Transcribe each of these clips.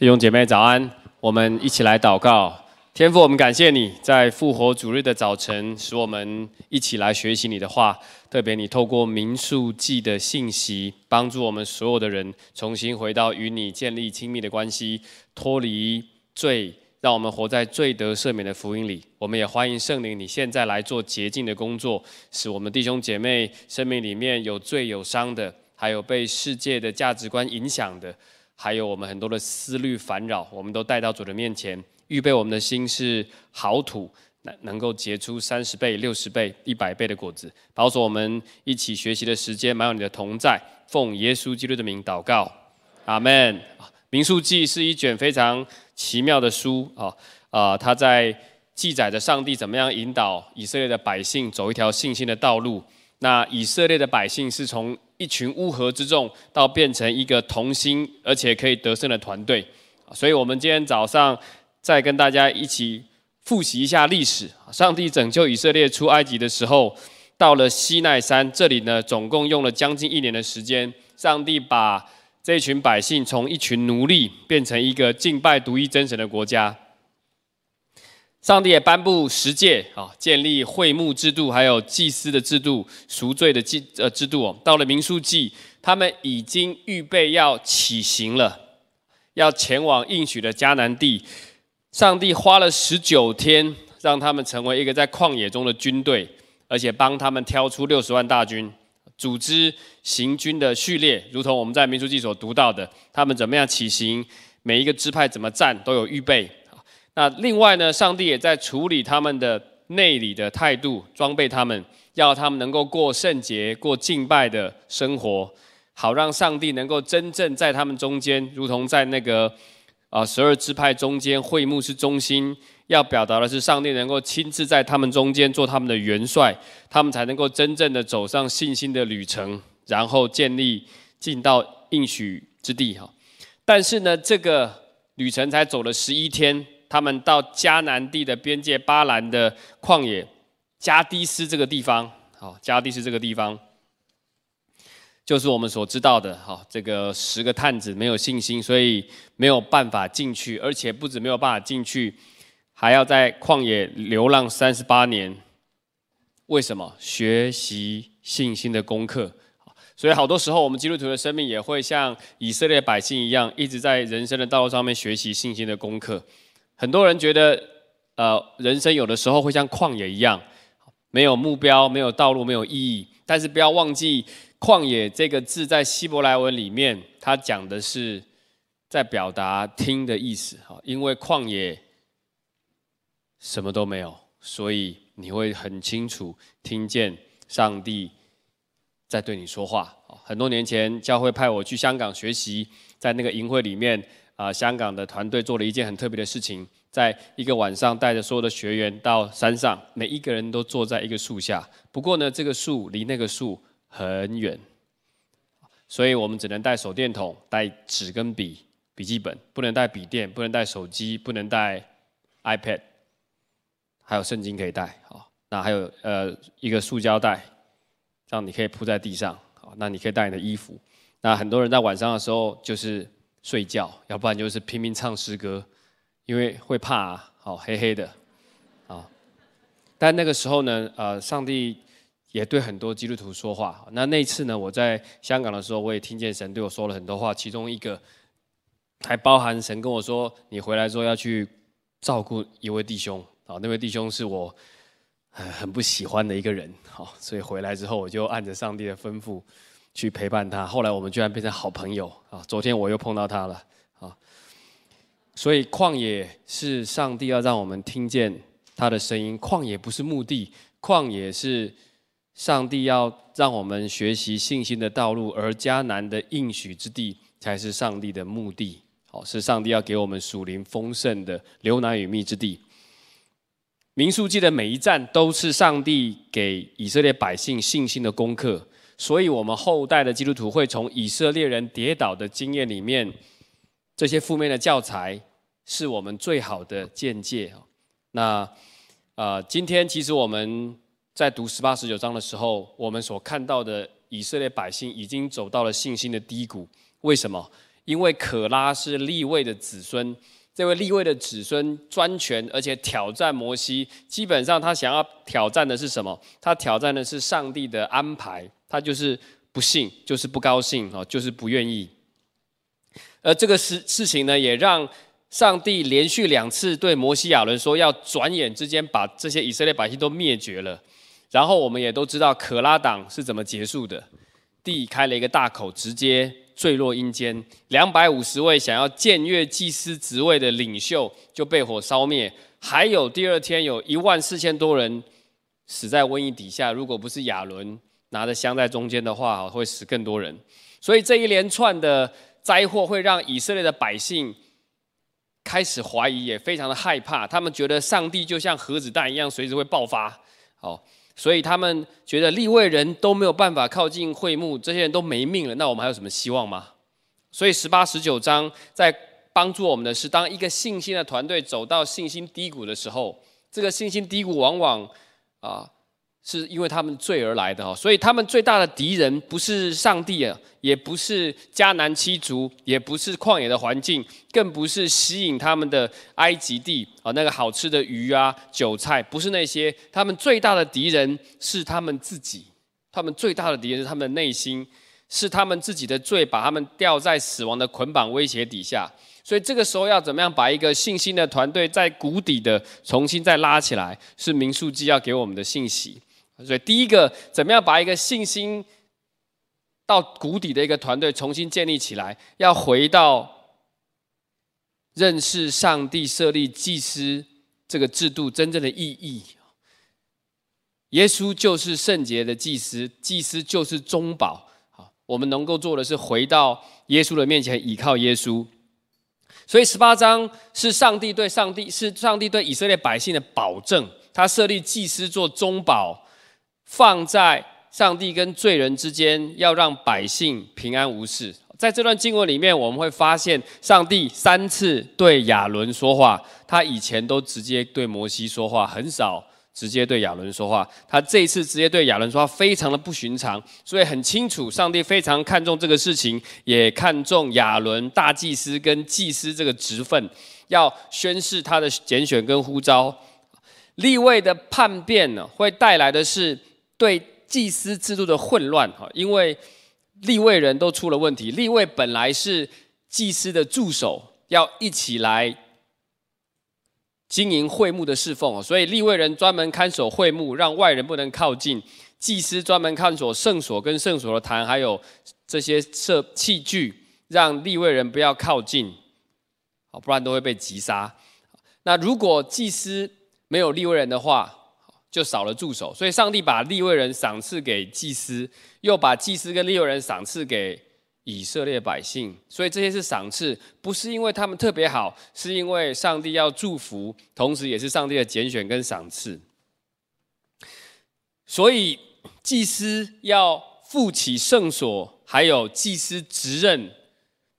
弟兄姐妹早安，我們一起來禱告。天父，我們感謝你在復活主日的早晨，使我們一起來學習你的話。特別你透過民數記的信息，幫助我們所有的人重新回到與你建立親密的關係，脫離罪，讓我們活在罪得赦免的福音裡。我們也歡迎聖靈，你現在來做潔淨的工作，使我們弟兄姐妹生命裡面有罪有傷的，還有被世界的價值觀影響的。還有我們很多的思慮煩擾，我們都帶到主的面前，預備我們的心是好土，能能夠結出三十倍、六十倍、一百倍的果子。保守我們一起學習的時間，滿有你的同在。奉耶穌基督的名禱告，阿門。民數記是一卷非常奇妙的書啊啊，它，在記載着上帝怎麼樣引導以色列的百姓走一條信心的道路。那以色列的百姓是從一群烏合之眾，到變成一個同心而且可以得勝的團隊，所以我們今天早上再跟大家一起複習一下歷史。上帝拯救以色列出埃及的時候，到了西奈山這裡呢，總共用了將近一年的時間。上帝把這群百姓從一群奴隸，變成一個敬拜獨一真神的國家。上帝也頒布十誡啊，建立會幕制度，還有祭司的制度，贖罪的祭呃制度。到了民數記，他們已經預備要起行了，要前往應許的迦南地。上帝花了十九天，讓他們成為一個在曠野中的軍隊，而且幫他們挑出六十萬大軍，組織行軍的序列，如同我們在民數記所讀到的，他們怎麼樣起行，每一個支派怎麼站，都有預備。那另外呢，上帝也在處理他們的內裡的態度，裝備他們，要他們能夠過聖潔、過敬拜的生活，好讓上帝能夠真正在他們中間，如同在那個啊十二支派中間會幕是中心，要表達的是上帝能夠親自在他們中間做他們的元帥，他們才能夠真正的走上信心的旅程，然後建立進到應許之地哈。但是呢，這個旅程才走了十一天。他們到迦南地的邊界巴蘭的曠野加低斯這個地方，好，加低斯這個地方就是我們所知道的，好，這個十個探子沒有信心，所以沒有辦法進去，而且不止沒有辦法進去，還要在曠野流浪三十八年。為什麼？學習信心的功課。所以好多時候，我們基督徒的生命也會像以色列百姓一樣，一直在人生的道路上面學習信心的功課。很多人覺得，呃，人生有的時候會像曠野一樣，沒有目標、沒有道路、沒有意義。但是不要忘記，曠野這個字在希伯來文裡面，它講的是在表達聽的意思。哈，因為曠野什麼都沒有，所以你會很清楚聽見上帝在對你說話。很多年前，教會派我去香港學習，在那個營會裡面。啊、呃，香港的團隊做了一件很特別的事情，在一個晚上，帶着所有的學員到山上，每一個人都坐在一個樹下。不過呢，這個樹離那個樹很遠，所以我們只能帶手電筒，帶紙跟筆、筆記本，不能帶筆電，不能帶手機，不能帶 iPad，還有聖經可以帶。好，那還有呃一個塑膠袋，這樣你可以鋪在地上。好，那你可以帶你的衣服。那很多人在晚上的時候就是。睡覺，要不然就是拼命唱詩歌，因為會怕、啊，好、哦、黑黑的，啊、哦！但那個時候呢，呃，上帝也對很多基督徒說話。那那次呢，我在香港的時候，我也聽見神對我說了很多話，其中一個還包含神跟我說：“你回來之後要去照顧一位弟兄。哦”啊，那位弟兄是我、呃、很不喜歡的一個人，好、哦，所以回來之後我就按着上帝的吩咐。去陪伴他，後來我們居然變成好朋友啊！昨天我又碰到他了啊！所以曠野是上帝要讓我們聽見他的聲音，曠野不是目的，曠野是上帝要讓我們學習信心的道路，而迦南的應許之地才是上帝的目的，哦，是上帝要給我們屬靈豐盛的流奶與蜜之地。民數記的每一站都是上帝給以色列百姓信心的功課。所以，我們後代的基督徒會從以色列人跌倒的經驗裡面，這些負面的教材，是我們最好的鑑戒。那，呃，今天其實我們在讀十八、十九章的時候，我們所看到的以色列百姓已經走到了信心的低谷。為什麼？因為可拉是利未的子孫，這位利未的子孫專權，而且挑戰摩西。基本上，他想要挑戰的是什麼？他挑戰的是上帝的安排。他就是不信，就是不高興啊，就是不願意。而這個事事情呢，也讓上帝連續兩次對摩西亞倫說，要轉眼之間把這些以色列百姓都滅絕了。然後我們也都知道可拉黨是怎麼結束的：地開了一個大口，直接墜落陰間。兩百五十位想要僭越祭司職位的領袖就被火燒滅，還有第二天有一萬四千多人死在瘟疫底下。如果不是亞倫。拿着香在中間的話，會死更多人，所以這一連串的災禍會讓以色列的百姓開始懷疑，也非常的害怕。他們覺得上帝就像核子彈一樣，隨時會爆發，哦，所以他們覺得利未人都沒有辦法靠近會幕，這些人都沒命了。那我們還有什麼希望嗎？所以十八十九章在幫助我們的是，當一個信心的團隊走到信心低谷的時候，這個信心低谷往往，啊。是因為他們罪而來的哦，所以他們最大的敵人不是上帝啊，也不是迦南七族，也不是曠野的環境，更不是吸引他們的埃及地啊，那個好吃的魚啊、韭菜，不是那些，他們最大的敵人是他們自己，他們最大的敵人是他們的內心，是他們自己的罪把他們吊在死亡的捆綁威脅底下，所以這個時候要怎麼樣把一個信心的團隊在谷底的重新再拉起來，是民數記要給我們的信息。所以，第一個，怎麼樣把一個信心到谷底的一個團隊重新建立起來？要回到認識上帝設立祭司這個制度真正的意義。耶穌就是聖潔的祭司，祭司就是中保。好，我們能夠做的是回到耶穌的面前，倚靠耶穌。所以，十八章是上帝對上帝，是上帝對以色列百姓的保證，他設立祭司做中保。放在上帝跟罪人之間，要讓百姓平安無事。在這段經文裡面，我們會發現上帝三次對亞倫說話，他以前都直接對摩西說話，很少直接對亞倫說話。他這一次直接對亞倫說話，非常的不尋常，所以很清楚，上帝非常看重這個事情，也看重亞倫大祭司跟祭司這個職分，要宣示他的揀選跟呼召。利未的叛變呢，會帶來的是。對祭司制度的混亂哈，因為利未人都出了問題。利未本來是祭司的助手，要一起來經營會幕的侍奉，所以利未人專門看守會幕，讓外人不能靠近；祭司專門看守聖所跟聖所的壇，還有這些設器具，讓利未人不要靠近，不然都會被擊殺。那如果祭司沒有利未人的話，就少了助手，所以上帝把利未人賞賜給祭司，又把祭司跟利未人賞賜給以色列百姓。所以這些是賞賜，不是因為他們特別好，是因為上帝要祝福，同時也是上帝的揀選跟賞賜。所以祭司要負起聖所，還有祭司職任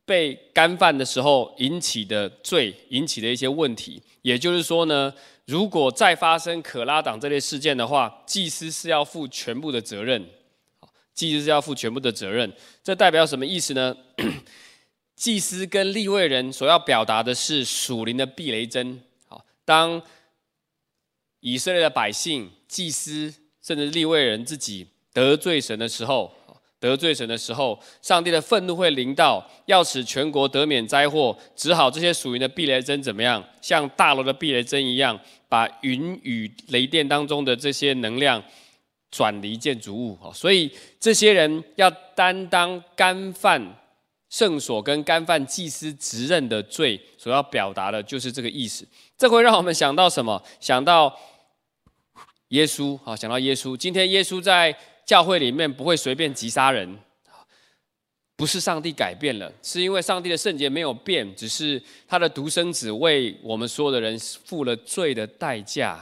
被干犯的時候引起的罪，引起的一些問題。也就是說呢。如果再發生可拉黨這類事件的話，祭司是要負全部的責任。好，祭司是要負全部的責任，這代表什麼意思呢？ 祭司跟利未人所要表達的是屬靈的避雷針。好，當以色列的百姓、祭司甚至利未人自己得罪神的時候。得罪神的時候，上帝的憤怒會臨到，要使全國得免災禍，只好這些屬於的避雷針怎麼樣，像大樓的避雷針一樣，把雲雨雷電當中的這些能量轉離建築物。所以這些人要擔當干犯聖所跟干犯祭司職任的罪，所要表達的就是這個意思。這會讓我們想到什麼？想到耶穌，啊，想到耶穌。今天耶穌在。教會裡面不會隨便擊殺人，不是上帝改變了，是因為上帝的聖潔沒有變，只是他的獨生子為我們所有的人付了罪的代價。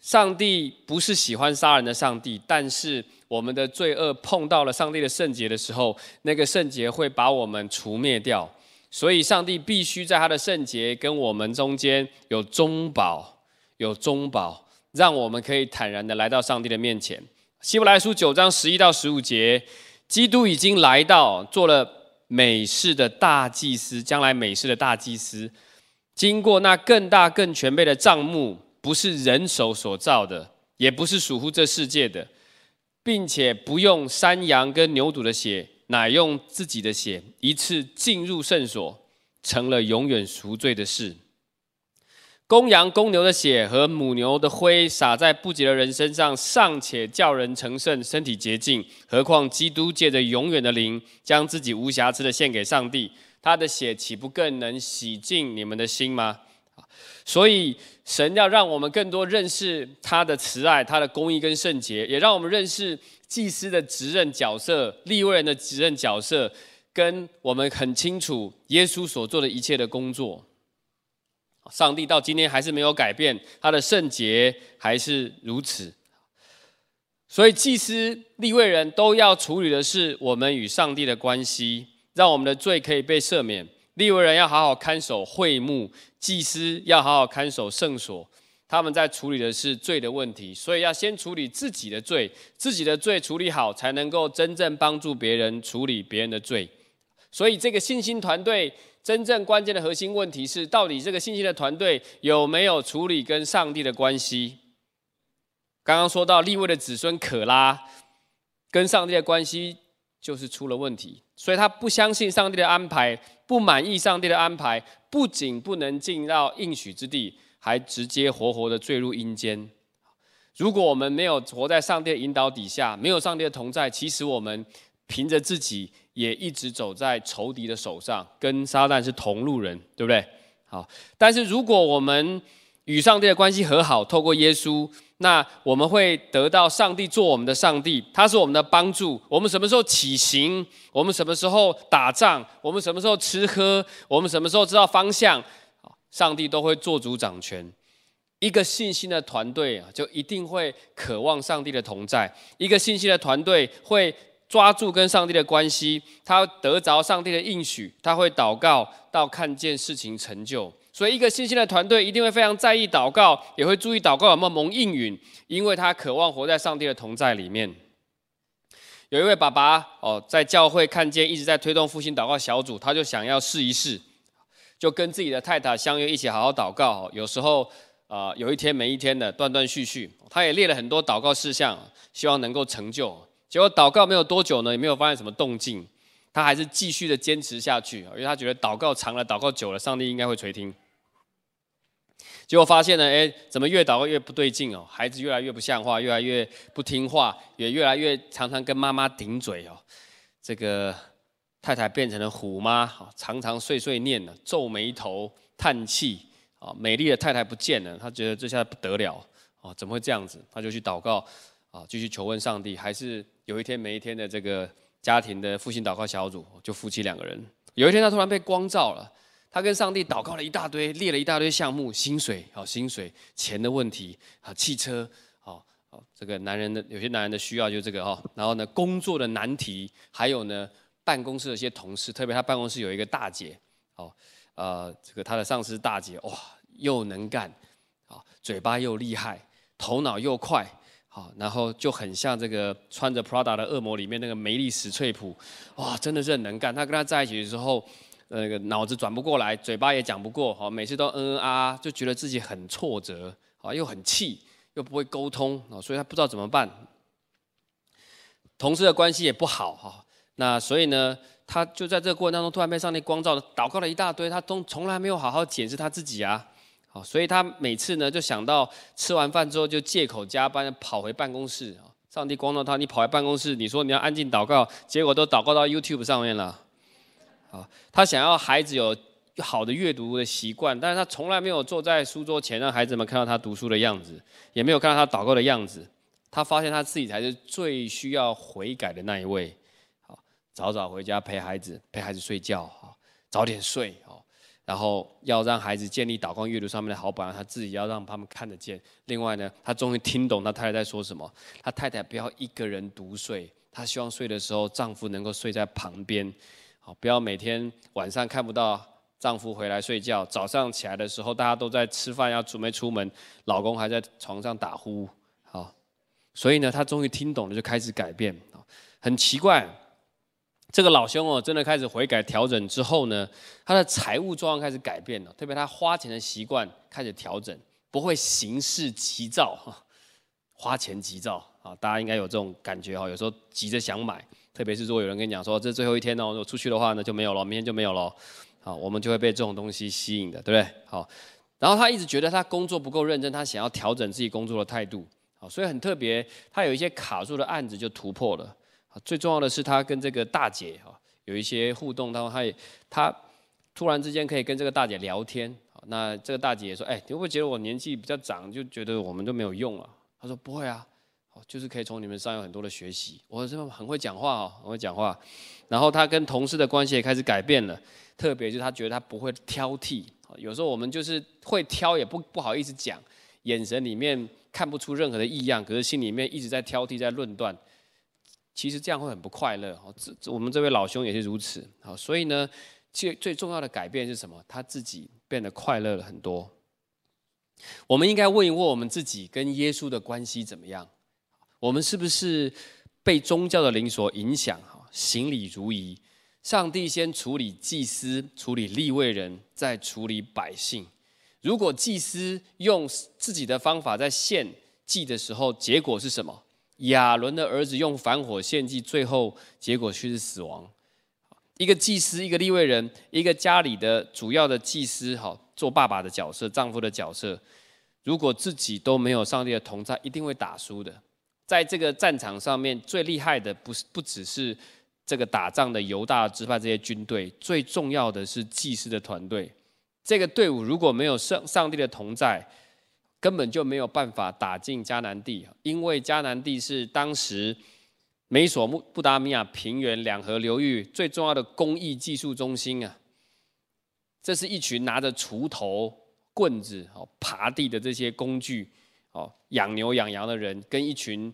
上帝不是喜歡殺人的上帝，但是我們的罪惡碰到了上帝的聖潔的時候，那個聖潔會把我們除滅掉，所以上帝必須在他的聖潔跟我們中間有中保，有中保讓我們可以坦然地來到上帝的面前。希伯來書九章十一到十五節，基督已經來到，做了美事的大祭司，將來美事的大祭司，經過那更大更全備的帳幕，不是人手所造的，也不是屬乎這世界的，並且不用山羊跟牛犢的血，乃用自己的血一次進入聖所，成了永遠贖罪的事。公羊、公牛的血和母牛的灰撒在不潔的人身上，尚且叫人成聖、身體潔淨；何況基督借着永遠的靈，將自己無瑕疵的獻給上帝，他的血豈不更能洗淨你們的心嗎？所以神要讓我們更多認識他的慈愛、他的公義跟聖潔，也讓我們認識祭司的職任角色、利未人的職任角色，跟我們很清楚耶穌所做的一切的工作。上帝到今天還是沒有改變，他的聖潔還是如此。所以，祭司、利未人都要處理的是我們與上帝的關係，讓我們的罪可以被赦免。利未人要好好看守會幕，祭司要好好看守聖所。他們在處理的是罪的問題，所以要先處理自己的罪，自己的罪處理好，才能夠真正幫助別人處理別人的罪。所以，這個信心團隊。真正關鍵的核心問題是，到底這個信心的團隊有沒有處理跟上帝的關係？剛剛說到利未的子孫可拉，跟上帝的關係就是出了問題，所以他不相信上帝的安排，不滿意上帝的安排，不僅不能進到應許之地，還直接活活的墜入陰間。如果我們沒有活在上帝的引導底下，沒有上帝的同在，其實我們憑着自己。也一直走在仇敵的手上，跟撒旦是同路人，對不對？好，但是如果我們與上帝的關係和好，透過耶穌，那我們會得到上帝做我們的上帝，他是我們的幫助。我們什麼時候起行？我們什麼時候打仗？我們什麼時候吃喝？我們什麼時候知道方向？好，上帝都會做主掌權。一個信心的團隊啊，就一定會渴望上帝的同在。一個信心的團隊會。抓住跟上帝的關係，他得着上帝的應許，他會禱告到看見事情成就。所以，一個信心的團隊一定會非常在意禱告，也會注意禱告有沒有蒙應允，因為他渴望活在上帝的同在裡面。有一位爸爸哦，在教會看見一直在推動復興禱告小組，他就想要試一試，就跟自己的太太相約一起好好禱告。有時候啊、呃，有一天沒一天的斷斷續續，他也列了很多禱告事項，希望能夠成就。結果禱告沒有多久呢，也沒有發現什麼動靜，他還是繼續的堅持下去，因為他覺得禱告長了，禱告久了，上帝應該會垂聽。結果發現呢，哎，怎麼越禱告越不對勁哦？孩子越來越不像話，越來越不聽話，也越來越常常跟媽媽頂嘴哦。這個太太變成了虎媽，常常碎碎念呢，皺眉頭，嘆氣。美麗的太太不見了，他覺得這下不得了哦，怎麼會這樣子？他就去禱告啊，繼續求問上帝，還是。有一天，每一天的這個家庭的復興禱告小組，就夫妻兩個人。有一天，他突然被光照了，他跟上帝禱告了一大堆，列了一大堆項目：薪水啊、哦，薪水錢的問題啊，汽車啊、哦哦，這個男人的有些男人的需要就是這個哈、哦。然後呢，工作的難題，還有呢，辦公室的一些同事，特別他辦公室有一個大姐，哦，呃，這個他的上司大姐，哇、哦，又能幹，啊、哦，嘴巴又厲害，頭腦又快。好，然後就很像這個穿着 Prada 的惡魔裡面那個梅莉史翠普，哇、哦，真的是很能幹。他跟她在一起的時候，那、呃、個腦子轉不過來，嘴巴也講不過，好，每次都嗯嗯啊啊，就覺得自己很挫折，啊，又很氣，又不會溝通，啊、哦，所以他不知道怎麼辦。同事的關係也不好，哈、哦，那所以呢，他就在這個過程當中突然被上帝光照的，禱告了一大堆，他都從來沒有好好檢視他自己啊。所以他每次呢，就想到吃完飯之後，就借口加班跑回辦公室啊。上帝光照他，你跑回辦公室，你說你要安靜禱告，結果都禱告到 YouTube 上面了。他想要孩子有好的閱讀的習慣，但是他從來沒有坐在書桌前讓孩子們看到他讀書的樣子，也沒有看到他禱告的樣子。他發現他自己才是最需要悔改的那一位。早早回家陪孩子，陪孩子睡覺，早點睡，然後要讓孩子建立導光閱讀上面的好榜樣，他自己要讓他們看得見。另外呢，他終於聽懂他太太在說什麼。他太太不要一個人獨睡，她希望睡的時候丈夫能夠睡在旁邊，好，不要每天晚上看不到丈夫回來睡覺，早上起來的時候大家都在吃飯要準備出門，老公還在床上打呼，好，所以呢，她終於聽懂了，就開始改變，很奇怪。這個老兄哦，真的開始悔改調整之後呢，他的財務狀況開始改變了，特別他花錢的習慣開始調整，不會行事急躁，花錢急躁啊，大家應該有這種感覺哈，有時候急着想買，特別是如果有人跟你講說，這最後一天哦，就出去的話呢就沒有了，明天就沒有了，好，我們就會被這種東西吸引的，對不對？好，然後他一直覺得他工作不夠認真，他想要調整自己工作的態度，好，所以很特別，他有一些卡住的案子就突破了。最重要的是他跟這個大姐哈有一些互動，然後他也他突然之間可以跟這個大姐聊天，那這個大姐也說：“哎，你會不會覺得我年紀比較長，就覺得我們都沒有用了？”他說：“不會啊，好，就是可以從你們身上有很多的學習。我說很會講話哦，很會講話。然後他跟同事的關係也開始改變了，特別就是他覺得他不會挑剔。有時候我們就是會挑，也不不好意思講，眼神裡面看不出任何的異樣，可是心裡面一直在挑剔，在論斷。”其實這樣會很不快樂哦，這我們這位老兄也是如此啊。所以呢，最最重要的改變是什麼？他自己變得快樂了很多。我們應該問一問我們自己，跟耶穌的關係怎麼樣？我們是不是被宗教的靈所影響？哈，行禮如儀，上帝先處理祭司，處理利未人，再處理百姓。如果祭司用自己的方法在獻祭的時候，結果是什麼？亞倫的兒子用反火獻祭，最後結果卻是死亡。一個祭司，一個利未人，一個家裡的主要的祭司，好做爸爸的角色，丈夫的角色，如果自己都沒有上帝的同在，一定會打輸的。在這個戰場上面，最厲害的不是不只是這個打仗的猶大支派這些軍隊，最重要的是祭司的團隊。這個隊伍如果沒有上上帝的同在，根本就沒有辦法打進迦南地，因為迦南地是當時美索不達米亞平原兩河流域最重要的工藝技術中心啊。這是一群拿着鋤頭、棍子、爬地的這些工具，養牛養羊的人，跟一群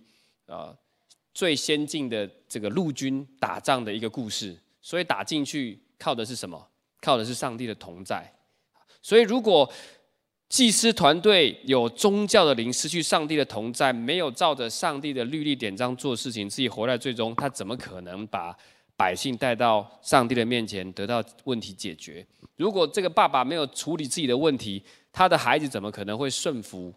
最先進的這個陸軍打仗的一個故事。所以打進去靠的是什麼？靠的是上帝的同在。所以如果祭司團隊有宗教的靈，失去上帝的同在，沒有照着上帝的律例典章做事情，自己活在罪中，他怎麼可能把百姓帶到上帝的面前得到問題解決？如果這個爸爸沒有處理自己的問題，他的孩子怎麼可能會順服？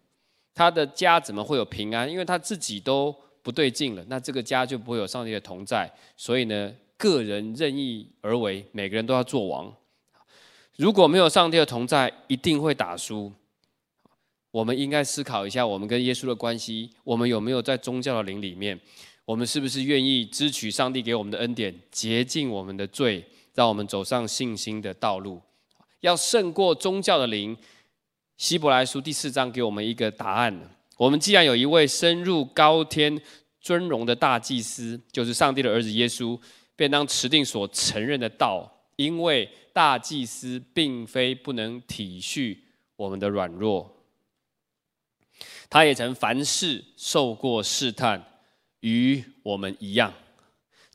他的家怎麼會有平安？因為他自己都不對勁了，那這個家就不會有上帝的同在。所以呢，個人任意而為，每個人都要做王。如果沒有上帝的同在，一定會打輸。我們應該思考一下，我們跟耶穌的關係，我們有沒有在宗教的靈裡面？我們是不是願意支取上帝給我們的恩典，潔淨我們的罪，讓我們走上信心的道路，要勝過宗教的靈？希伯來書第四章給我們一個答案：我們既然有一位深入高天尊榮的大祭司，就是上帝的兒子耶穌，便當持定所承認的道。因為大祭司並非不能體恤我們的軟弱，他也曾凡事受過試探，與我們一樣，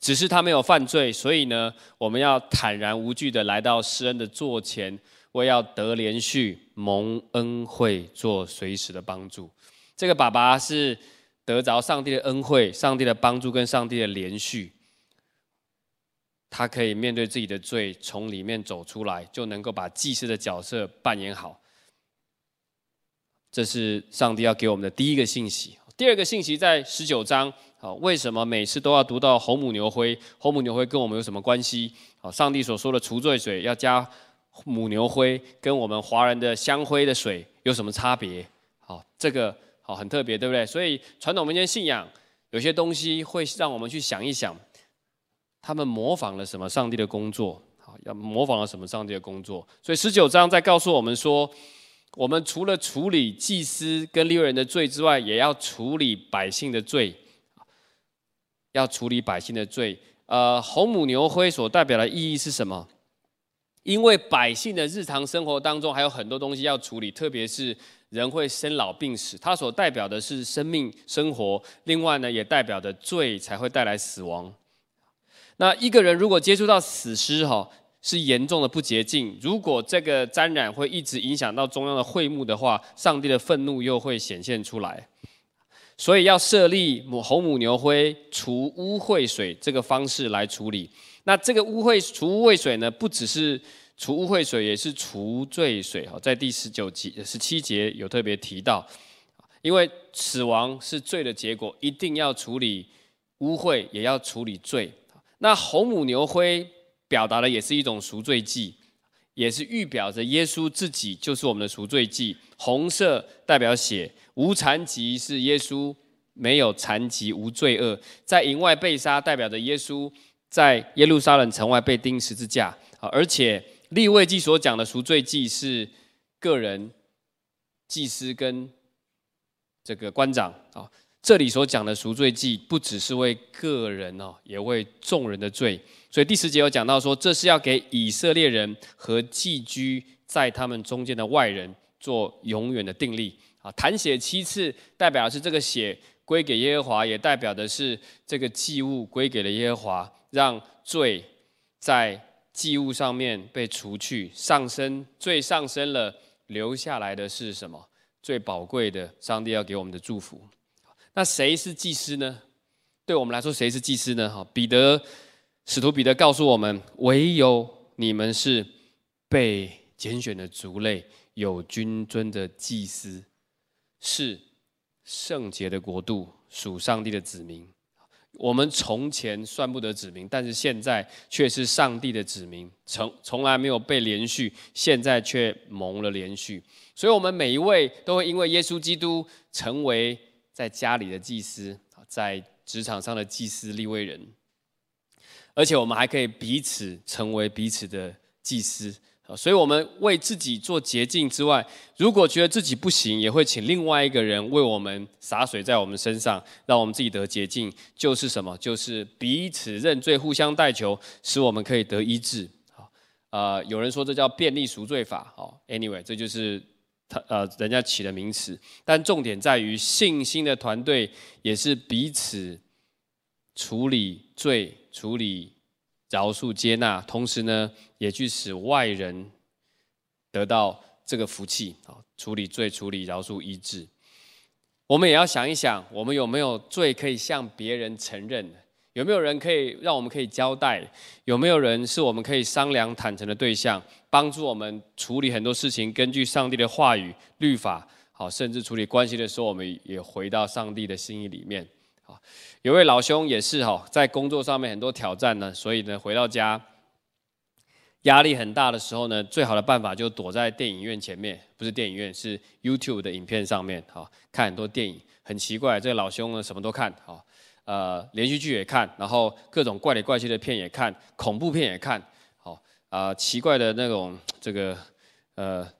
只是他沒有犯罪，所以呢，我們要坦然無懼地來到施恩的座前，為要得憐恤蒙恩惠，做隨時的幫助。這個爸爸是得着上帝的恩惠、上帝的幫助跟上帝的憐恤。他可以面對自己的罪，從裡面走出來，就能夠把祭司的角色扮演好。這是上帝要給我們的第一個信息。第二個信息在十九章。好，為什麼每次都要讀到紅母牛灰？紅母牛灰跟我們有什麼關係？好，上帝所說的除罪水要加母牛灰，跟我們華人的香灰的水有什麼差別？好，這個好很特別，對不對？所以傳統民間信仰有些東西會讓我們去想一想。他們模仿了什麼上帝的工作？啊，要模仿了什麼上帝的工作？所以十九章在告訴我們說，我們除了處理祭司跟利未人的罪之外，也要處理百姓的罪。要處理百姓的罪。呃，紅母牛灰所代表的意義是什麼？因為百姓的日常生活當中還有很多東西要處理，特別是人會生老病死，它所代表的是生命生活。另外呢，也代表的罪才會帶來死亡。那一個人如果接觸到死屍、哦，哈，是嚴重的不潔淨。如果這個沾染會一直影響到中央的會幕的話，上帝的憤怒又會顯現出來。所以要設立母紅母牛灰除污穢水這個方式來處理。那這個污穢除污穢水呢，不只是除污穢水，也是除罪水。哈，在第十九章十七節有特別提到，因為死亡是罪的結果，一定要處理污穢，也要處理罪。那紅母牛灰表達的也是一種贖罪祭，也是預表着耶穌自己就是我們的贖罪祭。紅色代表血，無殘疾是耶穌沒有殘疾、無罪惡，在營外被殺，代表着耶穌在耶路撒冷城外被釘十字架。啊，而且利未記所講的贖罪祭是個人祭司跟這個官長啊。這裡所講的贖罪祭不只是為個人哦，也為眾人的罪。所以第十節有講到說，這是要給以色列人和寄居在他們中間的外人做永遠的定例。啊。彈血七次，代表的是這個血歸給耶和華，也代表的是這個祭物歸給了耶和華，讓罪在祭物上面被除去。上升，罪上升了，留下來的是什麼？最寶貴的，上帝要給我們的祝福。那誰是祭司呢？對我們來說，誰是祭司呢？哈，彼得使徒彼得告訴我們：“唯有你們是被揀選的族類，有君尊的祭司，是聖潔的國度，屬上帝的子民。我們從前算不得子民，但是現在卻是上帝的子民。從從來沒有被憐恤，現在卻蒙了憐恤。所以，我們每一位都會因為耶穌基督成為。”在家裡的祭司，在職場上的祭司利未人，而且我們還可以彼此成為彼此的祭司，所以我們為自己做潔淨之外，如果覺得自己不行，也會請另外一個人為我們灑水在我們身上，讓我們自己得潔淨。就是什麼？就是彼此認罪，互相代求，使我們可以得醫治。呃，有人說這叫便利贖罪法。Anyway，這就是。呃，人家起的名詞，但重點在於信心的團隊也是彼此處理罪、處理饒恕、接納，同時呢，也去使外人得到這個福氣啊。處理罪、處理饒恕、醫治，我們也要想一想，我們有沒有罪可以向別人承認？有沒有人可以讓我們可以交代？有沒有人是我們可以商量、坦誠的對象，幫助我們處理很多事情？根據上帝的話語、律法，好，甚至處理關係的時候，我們也回到上帝的心意裡面。好，有位老兄也是哈，在工作上面很多挑戰呢，所以呢，回到家壓力很大的時候呢，最好的辦法就躲在電影院前面，不是電影院，是 YouTube 的影片上面，好，看很多電影。很奇怪，這個老兄呢，什麼都看，好。呃，連續劇也看，然後各種怪里怪氣的片也看，恐怖片也看，好、哦、啊、呃，奇怪的那種這個，呃，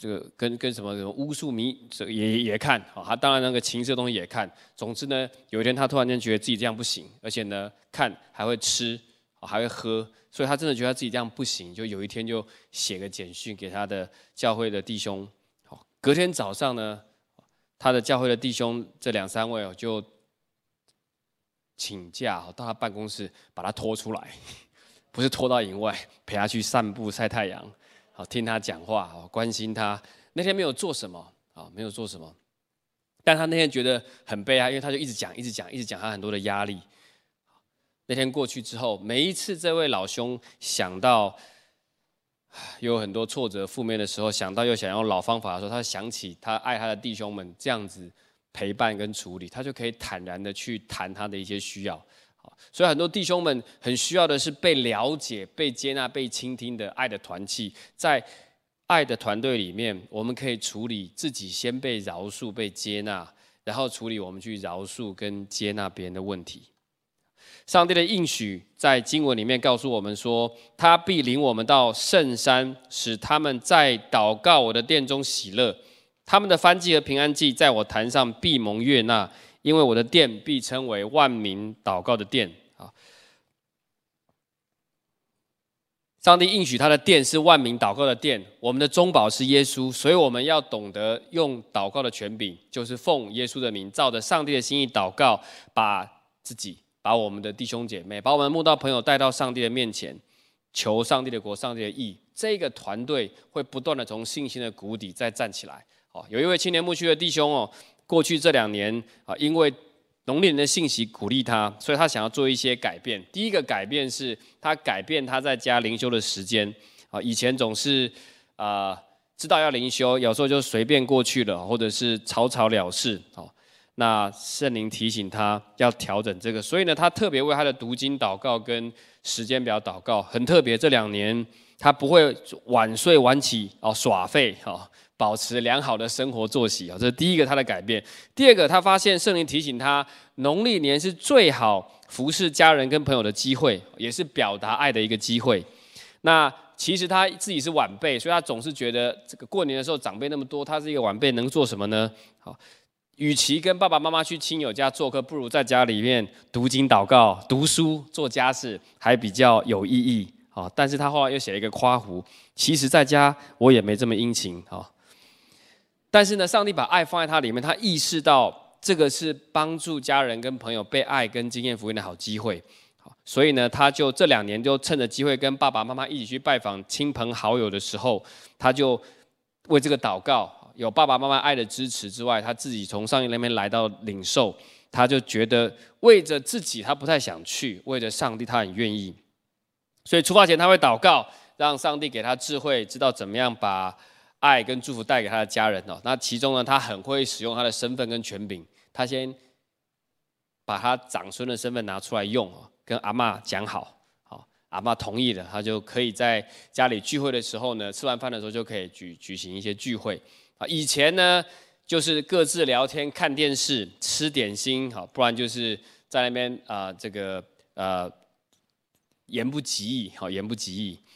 這個跟跟什麼什麼巫術迷這也也、也看，好、哦，他當然那個情色的東西也看。總之呢，有一天他突然間覺得自己這樣不行，而且呢，看還會吃，哦、還會喝，所以他真的覺得他自己這樣不行。就有一天就寫個簡訊給他的教會的弟兄，哦、隔天早上呢，他的教會的弟兄這兩三位就。請假，到他辦公室把他拖出來，不是拖到營外，陪他去散步曬太陽，好聽他講話，好關心他。那天沒有做什麼，啊？沒有做什麼，但他那天覺得很悲哀，因為他就一直講，一直講，一直講他很多的壓力。那天過去之後，每一次這位老兄想到有很多挫折、負面的時候，想到又想用老方法的時候，他想起他愛他的弟兄們這樣子。陪伴跟處理，他就可以坦然的去談他的一些需要。所以很多弟兄們很需要的是被了解、被接納、被傾聽的愛的團契。在愛的團隊裡面，我們可以處理自己先被饒恕、被接納，然後處理我們去饒恕跟接納別人的問題。上帝的應許在經文裡面告訴我們說，他必領我們到聖山，使他們在禱告我的殿中喜樂。他們的燔祭和平安祭在我壇上必蒙悅納，因為我的殿必稱為萬民禱告的殿。啊！上帝應許他的殿是萬民禱告的殿。我們的中保是耶穌，所以我們要懂得用禱告的權柄，就是奉耶穌的名，照着上帝的心意禱告，把自己、把我們的弟兄姐妹、把我們的慕道朋友帶到上帝的面前，求上帝的國、上帝的義。這個團隊會不斷的從信心的谷底再站起來。有一位青年牧區的弟兄哦，過去這兩年啊，因為農人的信息鼓勵他，所以他想要做一些改變。第一個改變是，他改變他在家靈修的時間啊，以前總是啊、呃、知道要靈修，有時候就隨便過去了，或者是草草了事哦。那聖靈提醒他要調整這個，所以呢，他特別為他的讀經禱告跟時間表禱告，很特別。這兩年他不會晚睡晚起哦，耍廢哦。保持良好的生活作息啊，這是第一個他的改變。第二個，他發現聖靈提醒他，農曆年是最好服侍家人跟朋友的機會，也是表達愛的一個機會。那其實他自己是晚輩，所以他總是覺得這個過年的時候長輩那麼多，他是一個晚輩能做什麼呢？好，與其跟爸爸媽媽去親友家做客，不如在家裡面讀經禱告、讀書、做家事，還比較有意義。好，但是他後來又寫了一個括弧，其實在家我也沒這麼殷勤啊。但是呢，上帝把愛放在他裡面，他意識到這個是幫助家人跟朋友被愛跟經驗福音的好機會，所以呢，他就這兩年就趁着機會跟爸爸媽媽一起去拜訪親朋好友的時候，他就為這個禱告，有爸爸媽媽愛的支持之外，他自己從上帝那邊來到領受，他就覺得為着自己他不太想去，為着上帝他很願意，所以出發前他會禱告，讓上帝給他智慧，知道怎麼樣把。愛跟祝福帶給他的家人哦，那其中呢，他很會使用他的身份跟權柄，他先把他長孫的身份拿出來用哦，跟阿嬤講好，好，阿嬤同意了，他就可以在家裡聚會的時候呢，吃完飯的時候就可以舉舉行一些聚會啊。以前呢，就是各自聊天、看電視、吃點心，不然就是在那邊啊、呃，這個呃，言不及義，好，言不及義。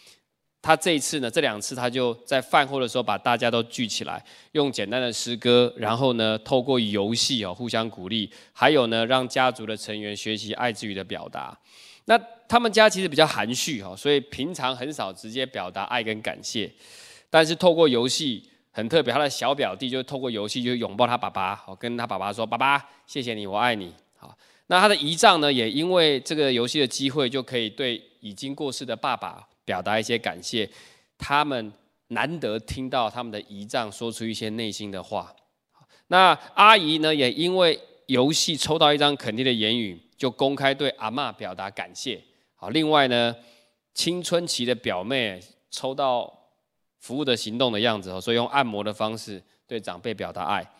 他這一次呢，這兩次他就在飯後的時候把大家都聚起來，用簡單的詩歌，然後呢，透過遊戲哦，互相鼓勵，還有呢，讓家族的成員學習愛之語的表達。那他們家其實比較含蓄哈、哦，所以平常很少直接表達愛跟感謝。但是透過遊戲很特別，他的小表弟就透過遊戲就擁抱他爸爸，哦，跟他爸爸說：“爸爸，謝謝你，我愛你。”好，那他的姨丈呢，也因為這個遊戲的機會，就可以對已經過世的爸爸。表達一些感謝，他們難得聽到他們的姨丈說出一些內心的話。那阿姨呢，也因為遊戲抽到一張肯定的言語，就公開對阿嬤表達感謝。好，另外呢，青春期的表妹抽到服務的行動的樣子，所以用按摩的方式對長輩表達愛。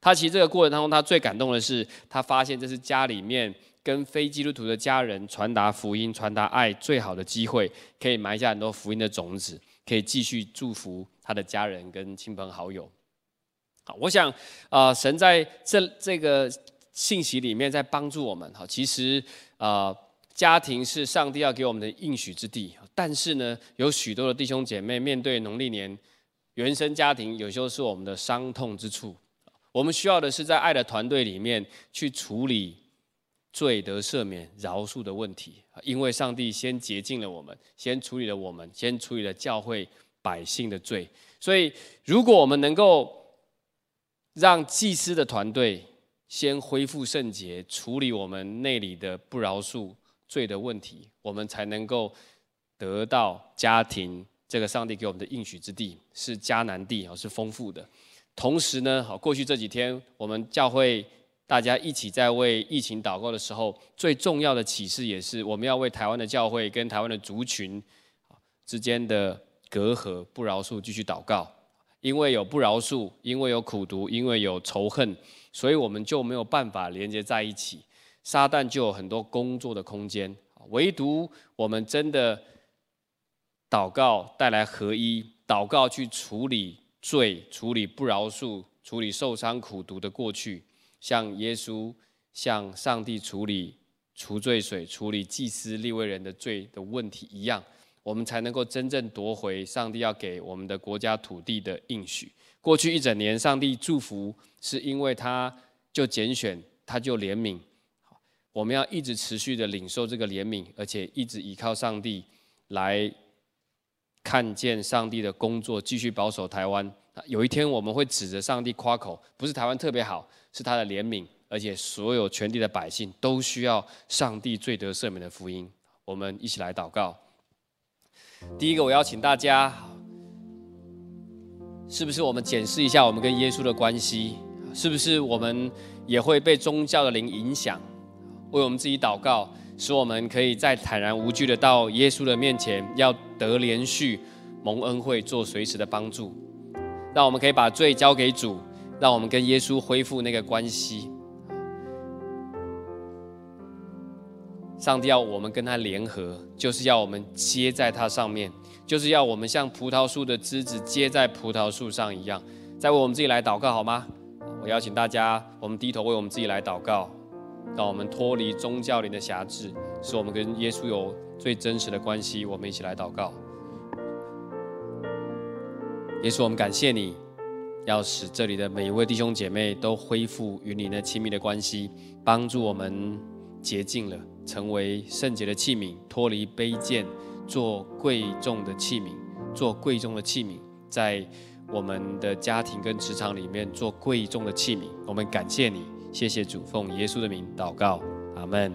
她其實這個過程當中，她最感動的是，她發現這是家裡面。跟非基督徒的家人傳達福音，傳達愛，最好的機會，可以埋下很多福音的種子，可以繼續祝福他的家人跟親朋好友。好，我想啊，呃，神在這這個信息裡面在幫助我們。哈，其實啊，呃，家庭是上帝要給我們的應許之地，但是呢，有許多的弟兄姐妹面對農曆年原生家庭，有時候是我們的傷痛之處。我們需要的是在愛的團隊裡面去處理。罪得赦免、饒恕的問題，因為上帝先潔淨了我們，先處理了我們，先處理了教會百姓的罪，所以如果我們能夠讓祭司的團隊先恢復聖潔，處理我們內裡的不饒恕罪的問題，我們才能夠得到家庭這個上帝給我們的應許之地，是迦南地啊，是豐富的。同時呢，好過去這幾天我們教會。大家一起在為疫情禱告的時候，最重要的啟示也是，我們要為台灣的教會跟台灣的族群之間的隔閡、不饒恕繼續禱告。因為有不饒恕，因為有苦毒，因為有仇恨，所以我們就沒有辦法連接在一起。撒旦就有很多工作的空間，唯獨我們真的禱告帶來合一，禱告去處理罪、處理不饒恕、處理受傷苦毒的過去。像耶穌、像上帝處理除罪水、處理祭司利未人的罪的問題一樣，我們才能夠真正奪回上帝要給我們的國家土地的應許。過去一整年，上帝祝福是因為他就揀選，他就憐憫。我們要一直持續的領受這個憐憫，而且一直依靠上帝來看見上帝的工作，繼續保守台灣。有一天，我們會指着上帝誇口，不是台灣特別好。是他的憐憫，而且所有全地的百姓都需要上帝罪得赦免的福音。我們一起來禱告。第一個，我邀請大家，是不是我們檢視一下我們跟耶穌的關係？是不是我們也會被宗教的靈影響？為我們自己禱告，使我們可以在坦然無懼的到耶穌的面前，要得憐恤，蒙恩惠、做隨時的幫助。那我們可以把罪交給主。讓我們跟耶穌恢復那個關係。上帝要我們跟他聯合，就是要我們接在他上面，就是要我們像葡萄樹的枝子接在葡萄樹上一樣。再為我們自己來禱告好嗎？我邀請大家，我們低頭為我們自己來禱告，讓我們脫離宗教靈的轄制，使我們跟耶穌有最真實的關係。我們一起來禱告。耶穌，我們感謝你。要使這裡的每一位弟兄姐妹都恢復與你那親密的關係，幫助我們潔淨了，成為聖潔的器皿，脫離卑賤，做貴重的器皿，做貴重的器皿，在我們的家庭跟職場裡面做貴重的器皿。我們感謝你，謝謝主，奉耶穌的名禱告，阿門。